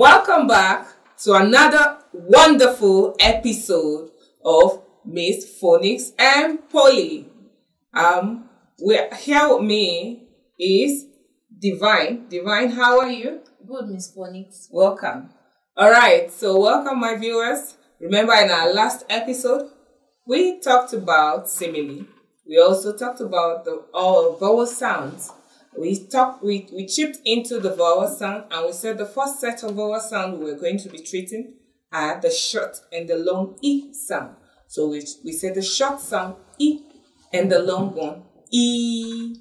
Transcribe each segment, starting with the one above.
Welcome back to another wonderful episode of Miss Phonics and Polly. Um, we're here with me is Divine. Divine, how are you? Good, Miss Phonics. Welcome. All right, so welcome, my viewers. Remember, in our last episode, we talked about simile. We also talked about the all vowel sounds we talk. we, we chipped into the vowel sound and we said the first set of vowel sound we were going to be treating are the short and the long E sound. So we, we said the short sound E and the long one E.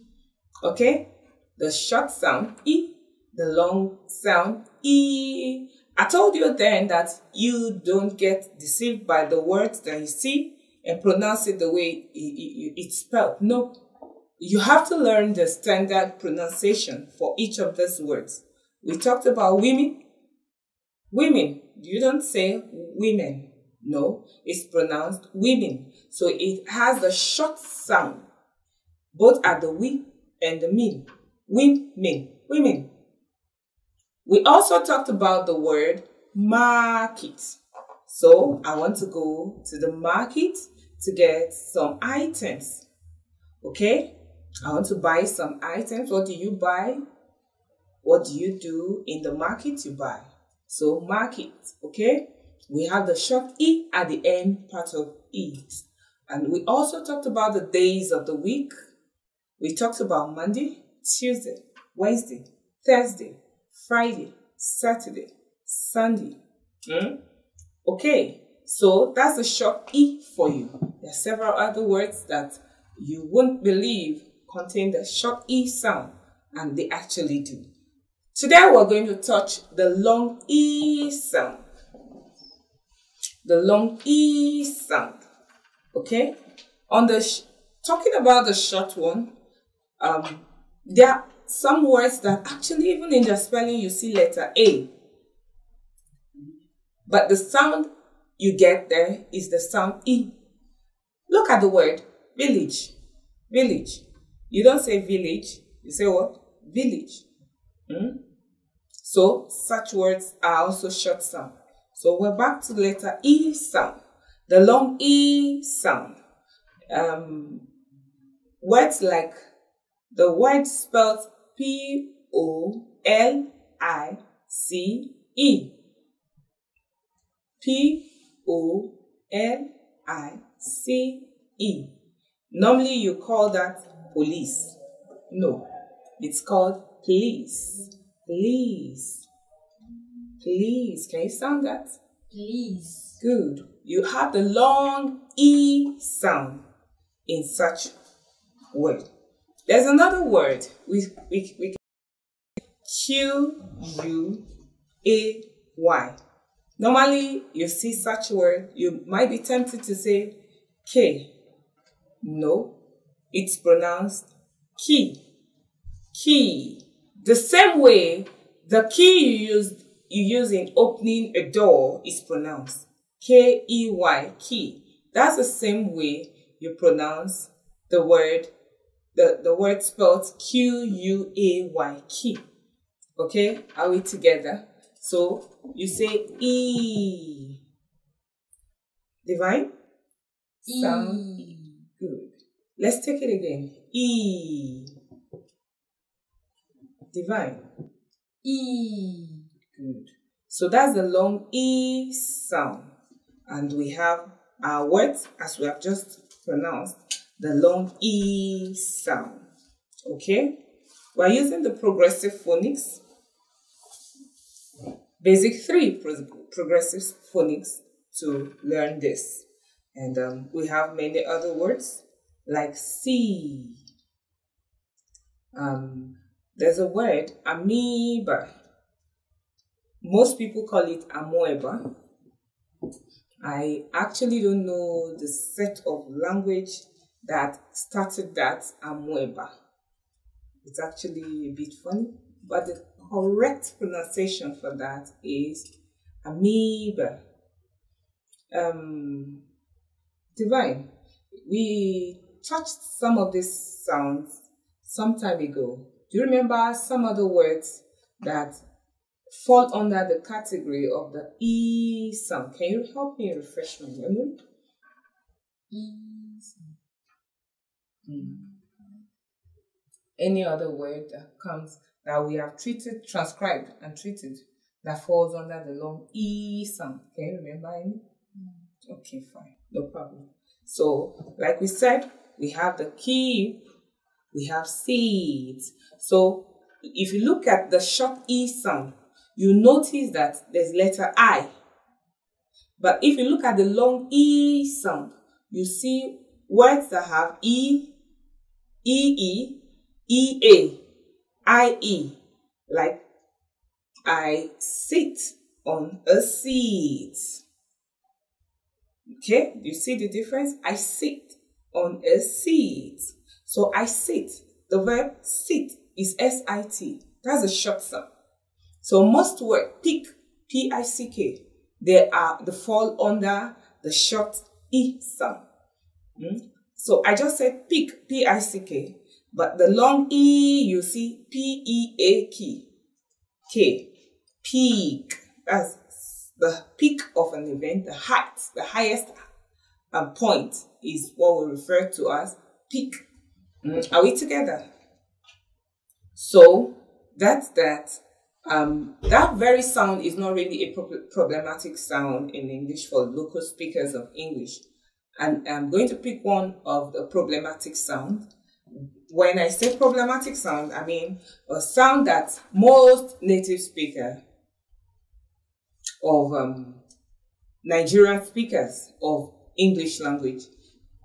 Okay? The short sound E, the long sound E. I told you then that you don't get deceived by the words that you see and pronounce it the way it's spelled. No, you have to learn the standard pronunciation for each of these words. We talked about women. Women, you don't say women. No, it's pronounced women. So it has a short sound, both at the we and the min. Women, women. We also talked about the word market. So I want to go to the market to get some items. Okay? I want to buy some items. What do you buy? What do you do in the market you buy? So market, okay? We have the short E at the end part of E. And we also talked about the days of the week. We talked about Monday, Tuesday, Wednesday, Thursday, Friday, Saturday, Sunday. Mm. Okay, so that's a short E for you. There are several other words that you won't believe contain the short E sound, and they actually do. Today we're going to touch the long E sound. The long E sound, okay? On the, talking about the short one, um, there are some words that actually even in the spelling you see letter A. But the sound you get there is the sound E. Look at the word village, village. You don't say village, you say what? Village. Mm? So such words are also short sound. So we're back to the letter E sound, the long E sound. Um, words like the word spelled P O L I C E. P O L I C E. Normally you call that police. No, it's called please. Please. Please. Can you sound that? Please. Good. You have the long E sound in such word. There's another word we, we, we Q U A Y. Normally, you see such word, you might be tempted to say K. No, it's pronounced key. Key. The same way the key you use you use in opening a door is pronounced K-E-Y, key. That's the same way you pronounce the word, the, the word spelled Q-U-A-Y, key. Okay, are we together? So you say E. Divine? E. Sound Let's take it again. E. Divine. E. Good. So that's the long E sound. And we have our words, as we have just pronounced, the long E sound. Okay? We're using the progressive phonics. Basic 3 pro progressive phonics to learn this. And um, we have many other words like sea. Um, there's a word, amoeba. Most people call it amoeba. I actually don't know the set of language that started that amoeba. It's actually a bit funny, but the correct pronunciation for that is amoeba. Um, divine. We touched some of these sounds some time ago. Do you remember some of the words that fall under the category of the E sound? Can you help me refresh my memory? E sound. Mm. Any other word that comes that we have treated, transcribed, and treated that falls under the long E sound? Can you remember any? Mm. Okay, fine. No problem. So, like we said, we have the key. we have seeds. So if you look at the short E sound, you notice that there's letter I. But if you look at the long E sound, you see words that have E, E, E, E, A, I, E, like I sit on a seat. Okay, you see the difference? I sit on a seat. So I sit. The verb sit is S-I-T. That's a short sound. So most work, pick, P-I-C-K, they are the fall under the short E sound. Mm? So I just said pick, P-I-C-K, but the long E, you see P-E-A-K, K, peak. That's the peak of an event, the height, the highest and point is what we refer to as peak. Mm. Are we together? So that's that. Um, that very sound is not really a pro problematic sound in English for local speakers of English. And I'm going to pick one of the problematic sound. When I say problematic sound, I mean a sound that most native speaker of um, Nigerian speakers of English language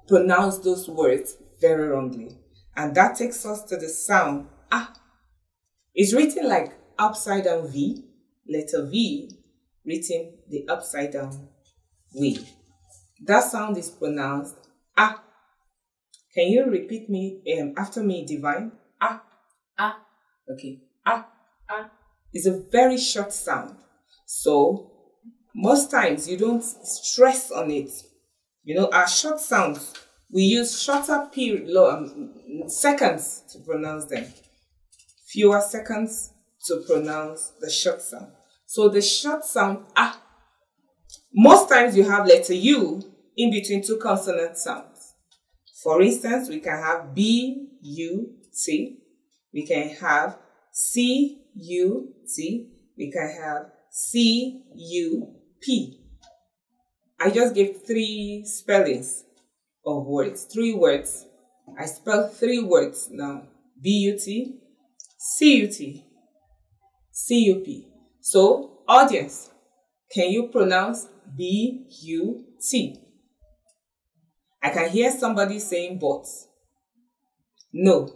pronounce those words very wrongly. And that takes us to the sound ah. It's written like upside down V, letter V, written the upside down V. That sound is pronounced ah. Can you repeat me um, after me, Divine? Ah. Ah. Okay. Ah. Ah. It's a very short sound. So most times you don't stress on it you know, our short sounds, we use shorter period, um, seconds to pronounce them, fewer seconds to pronounce the short sound. So the short sound, ah, most times you have letter U in between two consonant sounds. For instance, we can have B, U, T. We can have C, U, T. We can have C, U, P. I just gave three spellings of words, three words. I spell three words now. B-U-T, C-U-T, C-U-P. So, audience, can you pronounce B-U-T? I can hear somebody saying but. No,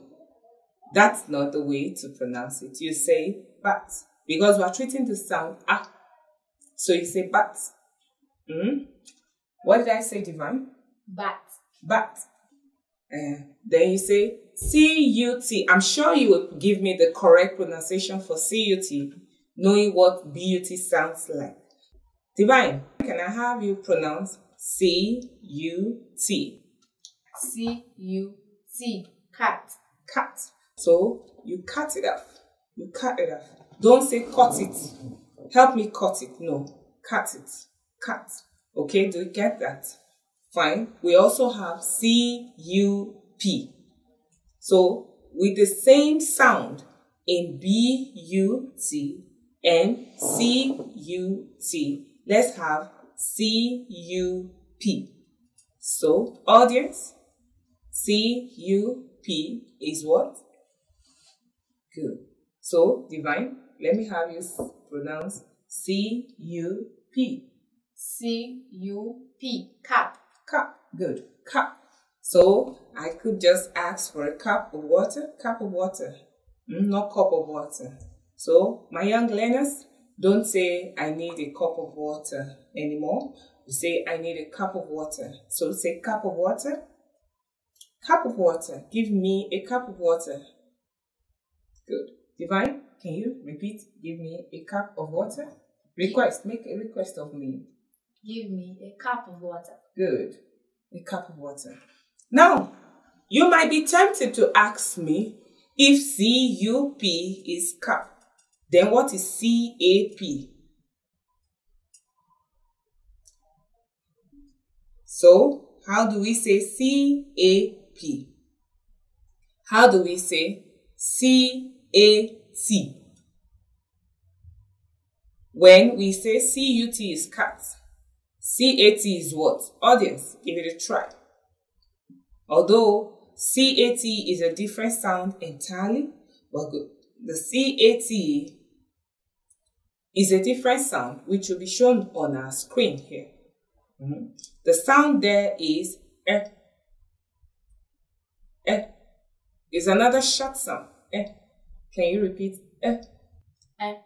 that's not the way to pronounce it. You say but because we're treating the sound ah. So you say but. Mm? What did I say, Divan? Bat. Bat. Uh, eh, then you say C-U-T. I'm sure you will give me the correct pronunciation for C-U-T, knowing what beauty sounds like. Divine, can I have you pronounce C-U-T? C-U-T. Cut. Cut. So you cut it off. You cut it off. Don't say cut it. Help me cut it. No, cut it cat. Okay, do you get that? Fine. We also have C-U-P. So with the same sound in B-U-T and C-U-T, let's have C-U-P. So audience, C-U-P is what? Good. So divine, let me have you pronounce C-U-P. C U P. Cup. Cup. Good. Cup. So I could just ask for a cup of water. Cup of water. Mm, not cup of water. So my young learners, don't say I need a cup of water anymore. You say I need a cup of water. So say cup of water. Cup of water. Give me a cup of water. Good. Divine, can you repeat? Give me a cup of water. Request. Make a request of me. Give me a cup of water. Good. A cup of water. Now, you might be tempted to ask me if CUP is cup, then what is CAP? So, how do we say CAP? How do we say CAT? When we say CUT is cut. CAT is what? Audience. Give it a try. Although CAT is a different sound entirely, but good. The CAT is a different sound which will be shown on our screen here. Mm -hmm. The sound there is eh. Eh. Is another short sound. Eh. Can you repeat eh? Eh.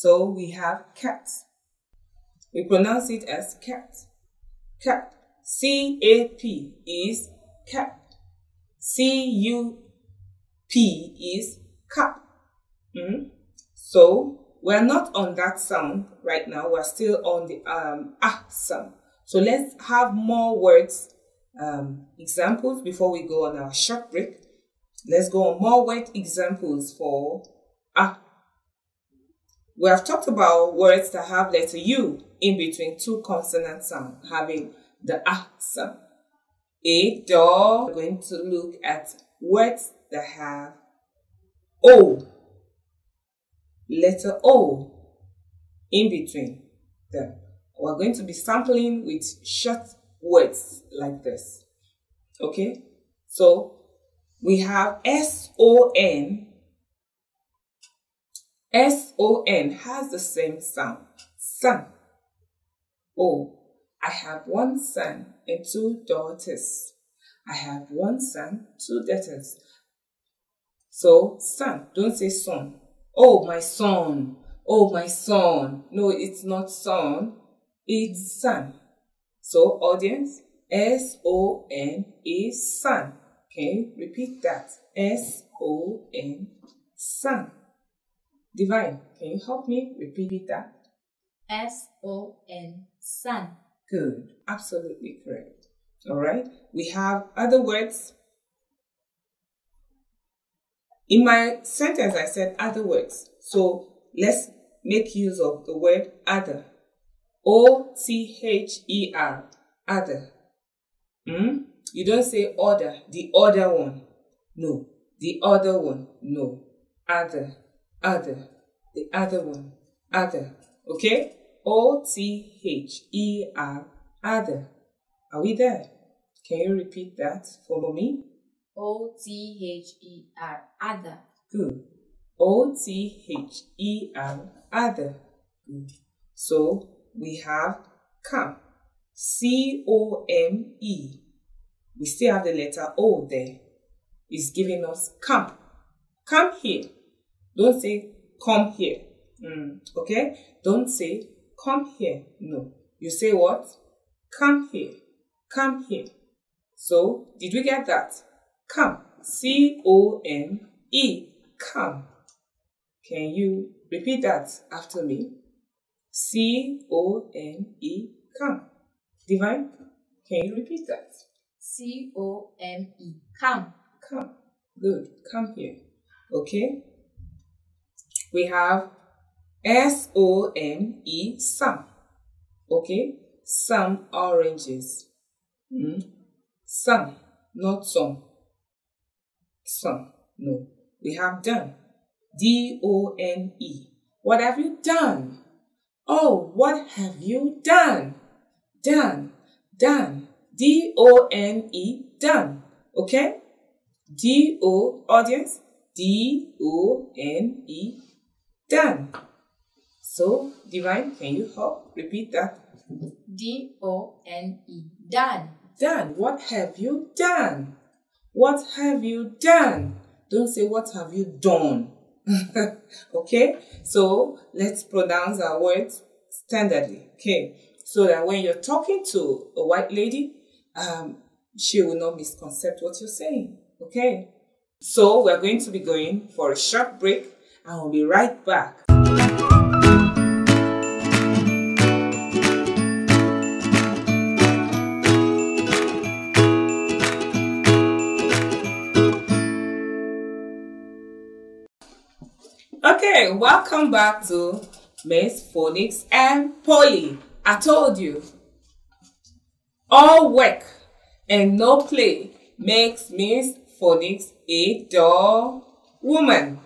So we have cat. We pronounce it as cat. Cap. C-A-P is cap. C-U-P is cap. Mm? So we're not on that sound right now. We're still on the um, ah sound. So let's have more words um, examples before we go on our short break. Let's go on more word examples for ah we have talked about words that have letter U in between two consonant sounds, having the ah sound. A we're going to look at words that have O, letter O in between them. We're going to be sampling with short words like this. Okay? So we have S O N S-O-N has the same sound. Son. Oh, I have one son and two daughters. I have one son, two daughters. So, son, don't say son. Oh, my son. Oh, my son. No, it's not son. It's son. So, audience, S O N is son. Okay, repeat that. S O N, son. Divine, can you help me repeat that? S O N, sun. Good, absolutely correct. All right, we have other words. In my sentence, I said other words. So let's make use of the word other. O T H E R, other. Mm? You don't say order, the other one. No, the other one. No, other other, the other one, other. Okay? O T H E R, other. Are we there? Can you repeat that? Follow me. O T H E R, other. Good. O T H E R, other. Good. So we have come. C O M E. We still have the letter O there. It's giving us come. Come here. Don't say, come here. Mm, okay? Don't say, come here. No. You say what? Come here. Come here. So, did we get that? Come. C O M E. Come. Can you repeat that after me? C O M E. Come. Divine, can you repeat that? C O M E. Come. Come. Good. Come here. Okay? we have S-O-M-E, some. Okay? Some oranges. Mm? Some, not some. Some, no. We have done. D-O-N-E. What have you done? Oh, what have you done? Done, done. D-O-N-E, done. Okay? D-O, audience, D-O-N-E, done. So, Divine, can you help repeat that? D O N E, done. Done. What have you done? What have you done? Don't say, What have you done? okay? So, let's pronounce our words standardly, okay? So that when you're talking to a white lady, um, she will not misconcept what you're saying, okay? So, we're going to be going for a short break and we'll be right back. Okay, welcome back to Miss Phoenix and Polly. I told you, all work and no play makes Miss Phoenix a dull woman.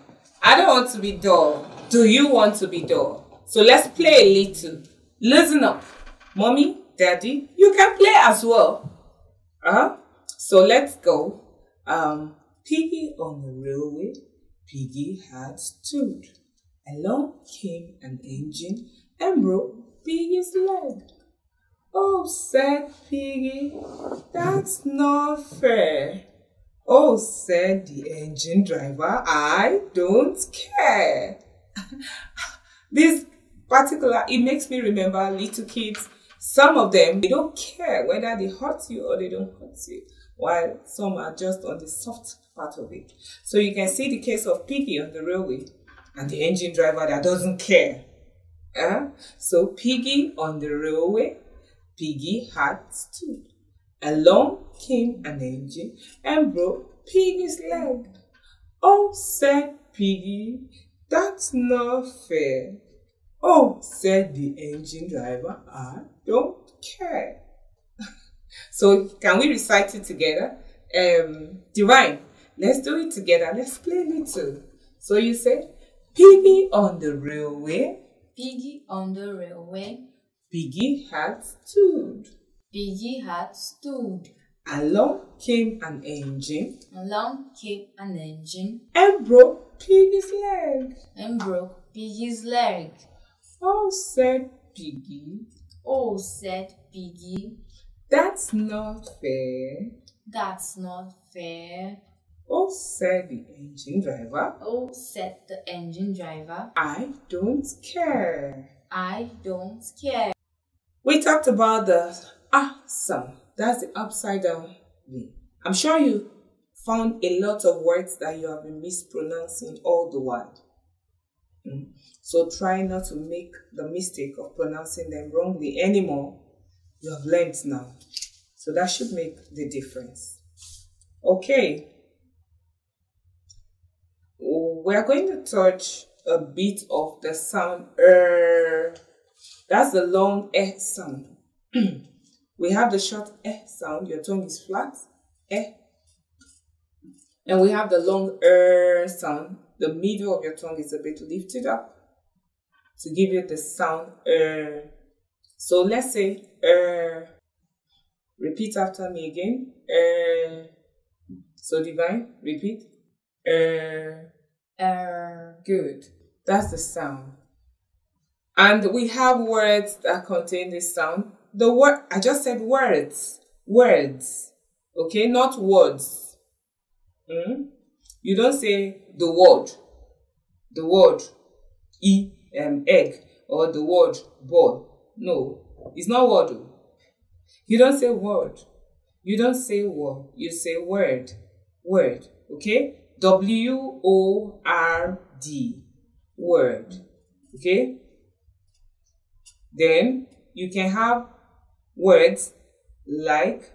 I don't want to be dull. Do you want to be dull? So let's play a little. Listen up. Mommy, daddy, you can play as well. Uh-huh. So let's go. Um, Piggy on the railway, Piggy had stood. Along came an engine and broke Piggy's leg. Oh, said Piggy, that's not fair. Oh, said the engine driver, I don't care. this particular, it makes me remember little kids. Some of them, they don't care whether they hurt you or they don't hurt you, while some are just on the soft part of it. So you can see the case of Piggy on the railway and the engine driver that doesn't care. Eh? So Piggy on the railway, Piggy had stood. Along came an engine and broke Piggy's leg. Oh, said Piggy, that's not fair. Oh, said the engine driver, I don't care. so, can we recite it together? Um, the rhyme. Let's do it together. Let's play little. So, you say, Piggy on the railway. Piggy on the railway. Piggy had stood. Piggy had stood. Along came an engine. Along came an engine. And broke Piggy's leg. And broke Piggy's leg. Oh, said Piggy. Oh, said Piggy. That's not fair. That's not fair. Oh, said the engine driver. Oh, said the engine driver. I don't care. I don't care. We talked about the awesome. That's the upside down V. I'm sure you found a lot of words that you have been mispronouncing all the while. Mm. So try not to make the mistake of pronouncing them wrongly anymore. You have learned now. So that should make the difference. Okay. We are going to touch a bit of the sound er. That's the long eh sound. We have the short eh sound, your tongue is flat, eh. And we have the long er sound, the middle of your tongue is a bit lifted up to give you the sound er. So let's say er. Repeat after me again. Er. So divine, repeat. Er. Er. Good. That's the sound. And we have words that contain this sound the word, I just said words, words, okay, not words. Mm? You don't say the word, the word, e, um, egg, or the word ball. No, it's not word. Oh. You don't say word. You don't say word. You say word, word, okay? W O R D, word, okay? Then you can have words like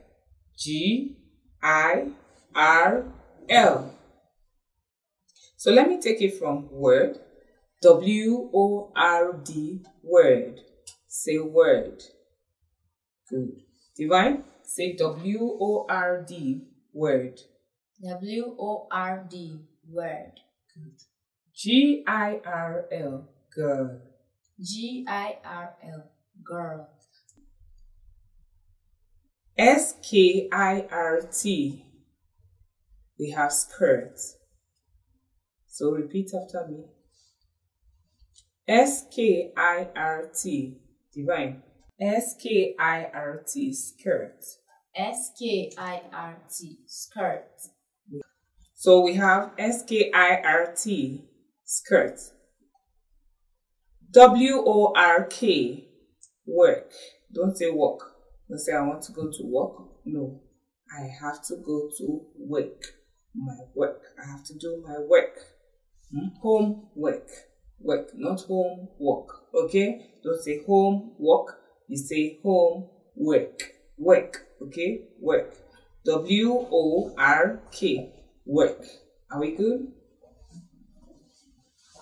G, I, R, L. So let me take it from word, W O R D, word. Say word. Good. Divine, say W O R D, word. W O R D, word. Good. G I R L, girl. G I R L, girl. S K I R T. We have skirt. So repeat after me. S K I R T. Divine. S K I R T. Skirt. S K I R T. Skirt. So we have S K I R T. Skirt. W O R K. Work. Don't say walk let say I want to go to work. No, I have to go to work. My work. I have to do my work. Hmm? Home work. Work, not home work. Okay? Don't say home work. You say home work. Work. Okay? Work. W O R K. Work. Are we good?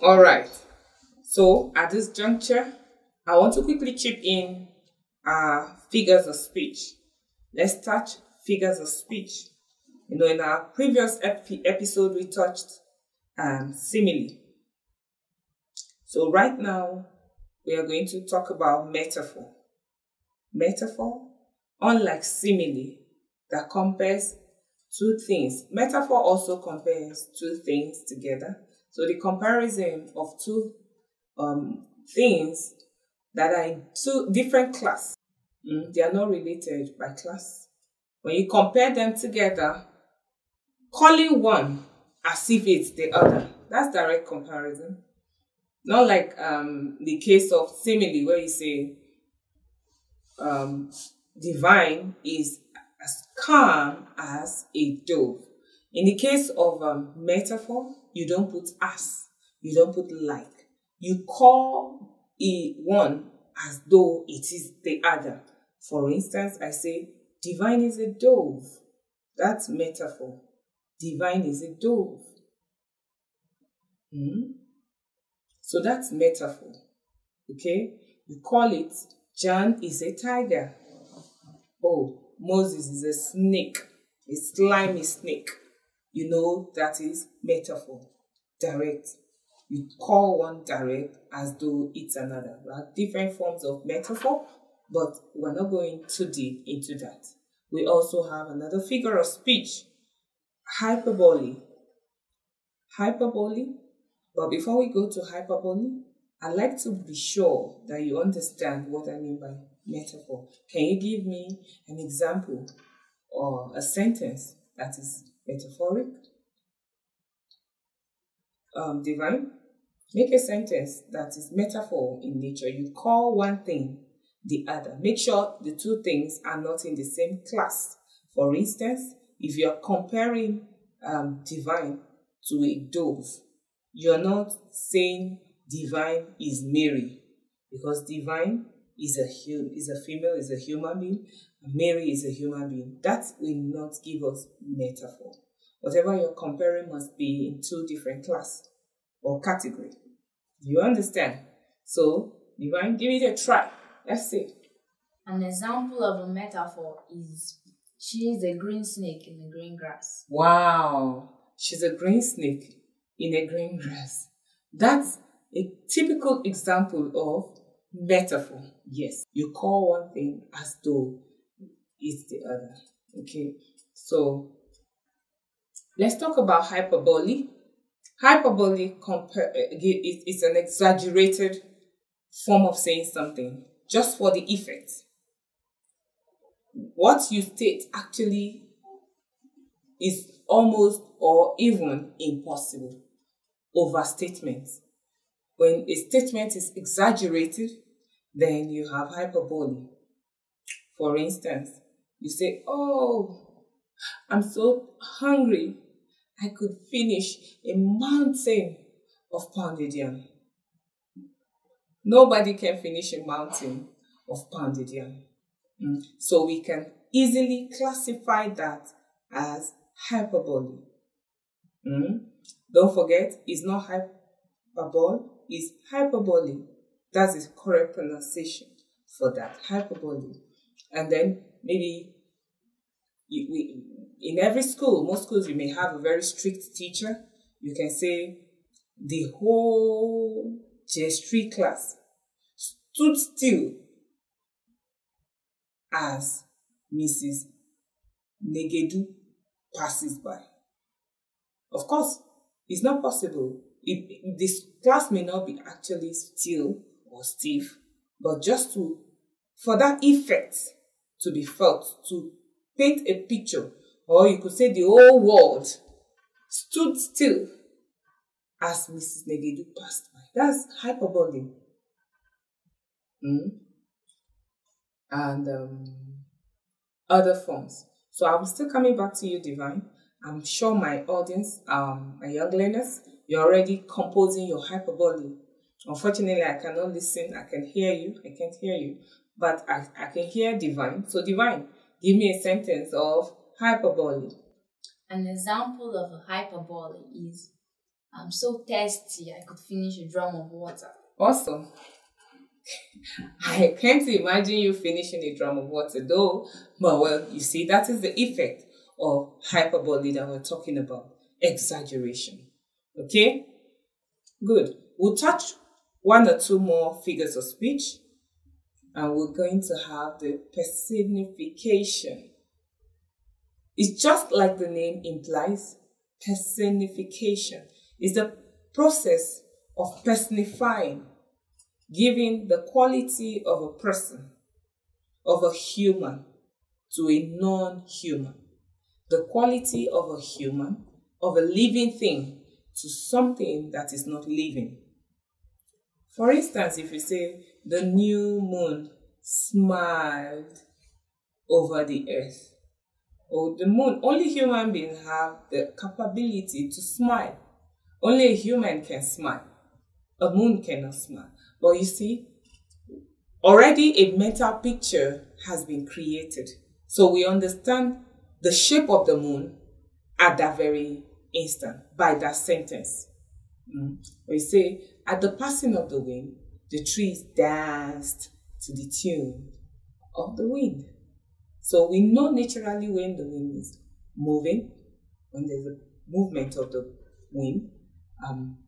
All right. So at this juncture, I want to quickly chip in uh, figures of speech. Let's touch figures of speech. You know, in our previous episode, we touched um, simile. So right now, we are going to talk about metaphor. Metaphor, unlike simile, that compares two things. Metaphor also compares two things together. So the comparison of two um, things that are in two different class Mm, they are not related by class. When you compare them together, calling one as if it's the other, that's direct comparison. Not like um, the case of simile, where you say um, divine is as calm as a dove. In the case of um, metaphor, you don't put as, you don't put like. You call a one as though it is the other. For instance, I say, divine is a dove. That's metaphor. Divine is a dove. Hmm? So that's metaphor. Okay? You call it John is a tiger. Oh, Moses is a snake, a slimy snake. You know that is metaphor. Direct. You call one direct as though it's another. different forms of metaphor, but we're not going too deep into that. We also have another figure of speech hyperbole. Hyperbole. But before we go to hyperbole, i would like to be sure that you understand what I mean by metaphor. Can you give me an example or a sentence that is metaphoric? Um, divine, make a sentence that is metaphor in nature. You call one thing the other. Make sure the two things are not in the same class. For instance, if you're comparing um, divine to a dove, you're not saying divine is Mary because divine is a hum- is a female, is a human being. Mary is a human being. That will not give us metaphor. Whatever you're comparing must be in two different class or category. you understand? So divine, give it a try. Let's see. An example of a metaphor is she is a green snake in the green grass. Wow. She's a green snake in a green grass. That's a typical example of metaphor. Yes. You call one thing as though it's the other. Okay. So let's talk about hyperbole. Hyperbole uh, is an exaggerated form of saying something just for the effect. What you state actually is almost or even impossible. Overstatement. When a statement is exaggerated, then you have hyperbole. For instance, you say, Oh, I'm so hungry, I could finish a mountain of pounded yam. Nobody can finish a mountain of pounded yam. Mm. So we can easily classify that as hyperbole. Mm. Don't forget, it's not hyperbole, it's hyperbole. That's the correct pronunciation for that, hyperbole. And then maybe you, we, in every school, most schools, you may have a very strict teacher. You can say the whole Gesture class stood still as Mrs. Negedu passes by. Of course, it's not possible. It, this class may not be actually still or stiff, but just to for that effect to be felt, to paint a picture, or you could say the whole world stood still as Mrs. Negedu passed by. That's hyperbole. Mm? And um, other forms. So I'm still coming back to you, Divine. I'm sure my audience, um, my young learners, you're already composing your hyperbole. Unfortunately, I cannot listen. I can hear you. I can't hear you. But I, I can hear divine. So, divine, give me a sentence of hyperbole. An example of a hyperbole is I'm so thirsty, I could finish a drum of water. Awesome. I can't imagine you finishing a drum of water though. But well, you see, that is the effect of hyperbole that we're talking about. Exaggeration. Okay? Good. We'll touch one or two more figures of speech and we're going to have the personification. It's just like the name implies personification is the process of personifying, giving the quality of a person, of a human, to a non human. The quality of a human, of a living thing, to something that is not living. For instance, if you say, the new moon smiled over the earth, or the moon, only human beings have the capability to smile. Only a human can smile. A moon cannot smile. But you see, already a mental picture has been created. So we understand the shape of the moon at that very instant by that sentence. Mm. We say, at the passing of the wind, the trees danced to the tune of the wind. So we know naturally when the wind is moving, when there's a movement of the wind, um,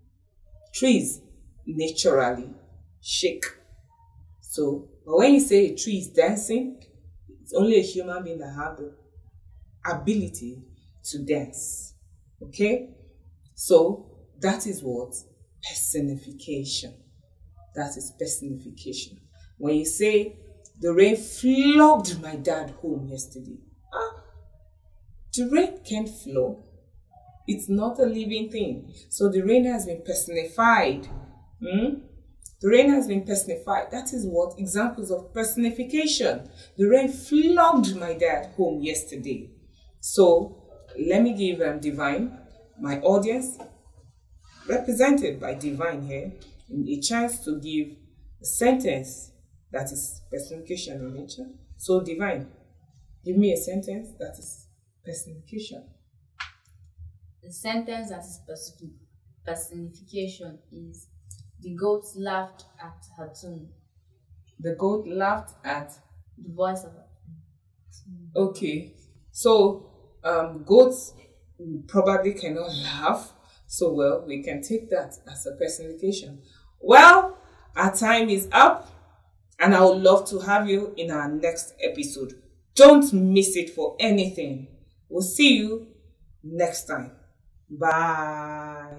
trees naturally shake. So, but when you say a tree is dancing, it's only a human being that have the ability to dance. Okay? So, that is what personification. That is personification. When you say the rain flogged my dad home yesterday, ah, the rain can't flog it's not a living thing. So the rain has been personified. Mm? The rain has been personified. That is what examples of personification. The rain flogged my dad home yesterday. So let me give um, Divine, my audience, represented by Divine here, a chance to give a sentence that is personification in nature. So Divine, give me a sentence that is personification. The sentence as personification is the goat laughed at her tomb. The goat laughed at the voice of her. Okay, so um, goats probably cannot laugh. So well, we can take that as a personification. Well, our time is up, and I would love to have you in our next episode. Don't miss it for anything. We'll see you next time. Bye.